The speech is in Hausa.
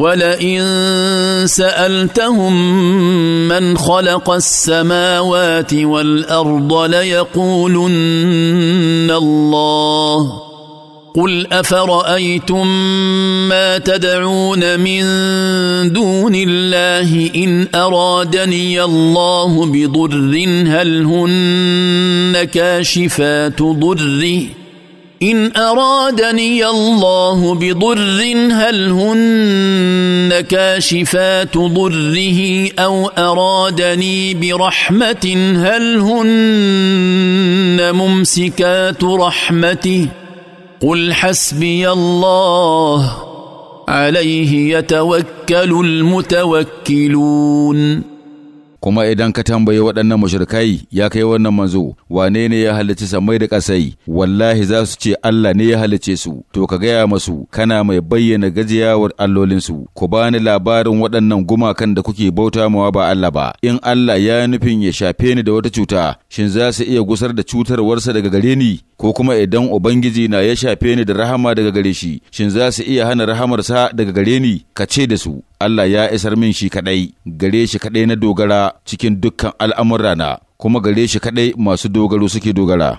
ولئن سالتهم من خلق السماوات والارض ليقولن الله قل افرايتم ما تدعون من دون الله ان ارادني الله بضر هل هن كاشفات ضره ان ارادني الله بضر هل هن كاشفات ضره او ارادني برحمه هل هن ممسكات رحمته قل حسبي الله عليه يتوكل المتوكلون kuma idan ka tambayi waɗannan mashirkai ya kai wannan manzo wane ne ya halicci samai da ƙasai wallahi za su ce Allah ne ya halicce su to ka gaya masu kana mai bayyana gajiyawar allolinsu ku bani labarin waɗannan gumakan da kuke bauta mawa ba Allah ba in Allah ya nufin ya shafe ni da wata cuta shin za su iya gusar da cutarwarsa daga gare ni ko kuma idan ubangiji na ya shafe ni da rahama daga gare shi shin za su iya hana rahamarsa daga gare ni ka ce da su Allah ya isar min shi kaɗai, gare shi kaɗai na dogara cikin dukkan al'amurana, kuma gare shi kaɗai masu dogaro suke dogara.